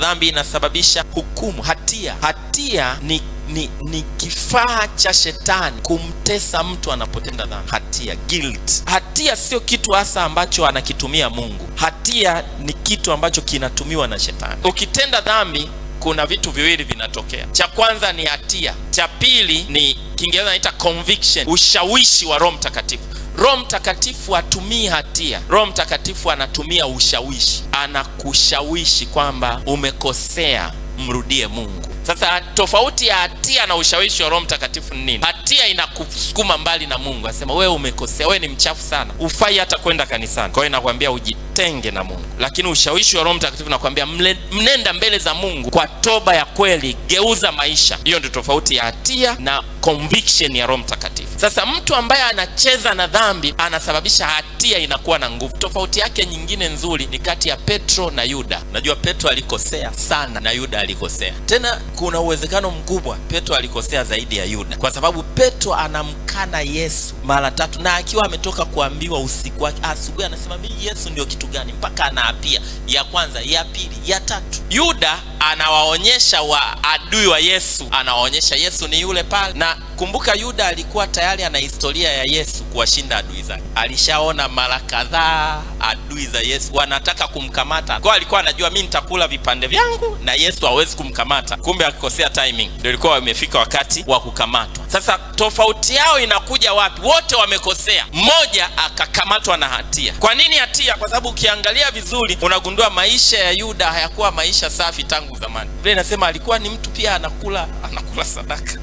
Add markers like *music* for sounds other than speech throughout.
Dhambi inasababisha hukumu, hatia. Hatia ni ni, ni kifaa cha shetani kumtesa mtu anapotenda dhambi. Hatia, guilt. Hatia sio kitu hasa ambacho anakitumia Mungu. Hatia ni kitu ambacho kinatumiwa na shetani. Ukitenda dhambi, kuna vitu viwili vinatokea. Cha kwanza ni hatia, cha pili ni Kiingereza inaita conviction, ushawishi wa Roho Mtakatifu. Roho Mtakatifu atumii hatia. Roho Mtakatifu anatumia ushawishi, anakushawishi kwamba umekosea, mrudie Mungu. Sasa tofauti ya hatia na ushawishi wa Roho Mtakatifu ni nini? Hatia inakusukuma mbali na Mungu, asema wewe umekosea, wewe ni mchafu sana, ufai hata kwenda kanisani. Kwa hiyo nakwambia ujitenge na Mungu, lakini ushawishi wa Roho Mtakatifu nakwambia mnenda mbele za Mungu kwa toba ya kweli, geuza maisha. Hiyo ndio tofauti ya hatia na conviction ya Roho Mtakatifu. Sasa mtu ambaye anacheza na dhambi anasababisha hatia inakuwa na nguvu. Tofauti yake nyingine nzuri ni kati ya Petro na Yuda. Najua Petro alikosea sana na Yuda alikosea tena. Kuna uwezekano mkubwa Petro alikosea zaidi ya Yuda, kwa sababu Petro anamkana Yesu mara tatu na akiwa ametoka kuambiwa usiku wake asubuhi, anasema mimi Yesu ndio kitu gani? Mpaka anaapia ya kwanza, ya pili, ya tatu. Yuda anawaonyesha wa adui wa Yesu, anawaonyesha Yesu ni yule pale. Na kumbuka, Yuda alikuwa tayari ana historia ya Yesu kuwashinda adui zake, alishaona mara kadhaa adui za Yesu wanataka kumkamata, kwa alikuwa anajua mimi nitakula vipande vyangu na Yesu hawezi kumkamata. Kumbe akikosea timing, ndio ilikuwa imefika wakati wa kukamatwa. Sasa tofauti yao inakuja wapi? Wote wamekosea, mmoja akakamatwa na hatia. Kwa nini hatia? Kwa sababu ukiangalia vizuri unagundua maisha ya Yuda hayakuwa maisha safi tangu zamani. Biblia inasema alikuwa ni mtu pia anakula anakula sadaka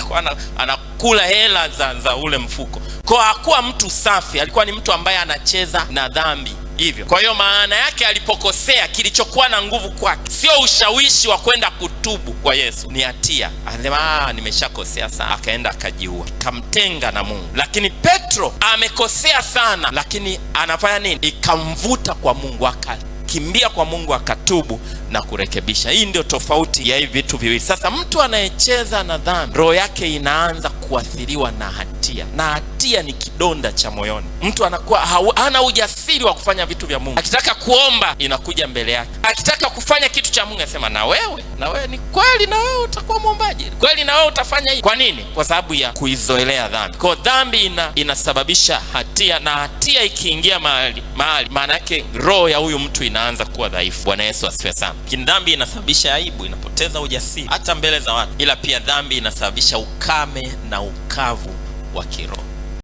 *laughs* anakula hela za, za ule mfuko. Kwa hakuwa mtu safi, alikuwa ni mtu ambaye anacheza na dhambi hivyo. Kwa hiyo maana yake alipokosea, kilichokuwa na nguvu kwake sio ushawishi wa kwenda kutubu kwa Yesu, ni hatia. Anasema ah, nimeshakosea sana, akaenda akajiua, kamtenga na Mungu. Lakini Petro amekosea sana, lakini anafanya nini? Ikamvuta kwa Mungu, akakimbia kwa Mungu, akatubu na kurekebisha. Hii ndio tofauti ya hivi vitu viwili. Sasa mtu anayecheza na dhambi, roho yake inaanza kuathiriwa na hatia hatia, na hatia ni kidonda cha moyoni. Mtu anakuwa hana ujasiri wa kufanya vitu vya Mungu. Akitaka kuomba inakuja mbele yake, akitaka kufanya kitu cha Mungu anasema na wewe, na wewe ni kweli, na wewe utakuwa mwombaji kweli, na wewe utafanya hii. Kwa nini? Kwa sababu ya kuizoelea dhambi. Kwa dhambi ina, inasababisha hatia, na hatia ikiingia mahali mahali, maana yake roho ya huyu mtu inaanza kuwa dhaifu. Bwana Yesu asifiwe sana. Dhambi inasababisha aibu, inapoteza ujasiri hata mbele za watu, ila pia dhambi inasababisha ukame na ukavu wa kiroho.